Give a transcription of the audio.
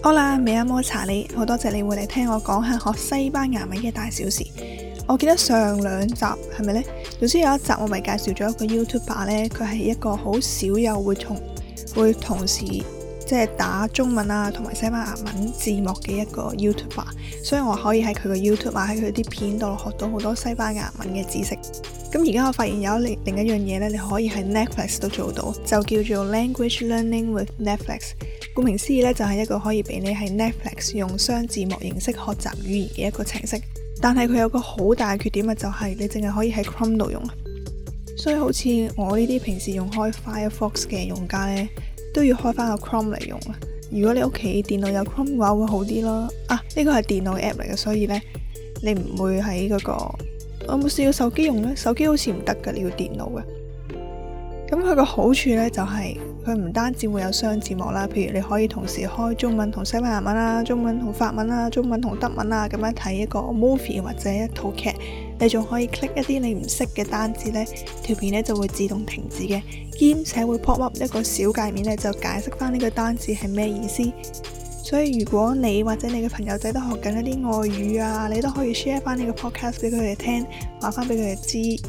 好啦，美亞摩查你，好多謝你會嚟聽我講下學西班牙文嘅大小事。我記得上兩集係咪呢？總之有一集我咪介紹咗一個 YouTuber 咧，佢係一個好少有會同會同時。即係打中文啊，同埋西班牙文字幕嘅一個 YouTuber，所以我可以喺佢嘅 YouTube，喺、啊、佢啲片度學到好多西班牙文嘅知識。咁而家我發現有另一樣嘢咧，你可以喺 Netflix 都做到，就叫做 Language Learning with Netflix。顧名思義咧，就係、是、一個可以俾你喺 Netflix 用雙字幕形式學習語言嘅一個程式。但係佢有個好大嘅缺點啊，就係、是、你淨係可以喺 Chrome 度用。所以好似我呢啲平時用開 Firefox 嘅用家咧。都要開翻個 Chrome 嚟用啊。如果你屋企電腦有 Chrome 嘅話，會好啲咯。啊，呢個係電腦 app 嚟嘅，所以咧你唔會喺嗰個。我有冇試過手機用咧？手機好似唔得噶，你要電腦嘅。咁佢個好處咧就係。佢唔單止會有雙字幕啦，譬如你可以同時開中文同西班牙文啦、中文同法文啦、中文同德文啊，咁樣睇一個 movie 或者一套劇，你仲可以 click 一啲你唔識嘅單字呢，條片呢就會自動停止嘅，兼且會 pop up 一個小界面呢就解釋翻呢個單字係咩意思。所以如果你或者你嘅朋友仔都學緊一啲外語啊，你都可以 share 翻呢個 podcast 俾佢哋聽，話翻俾佢哋知。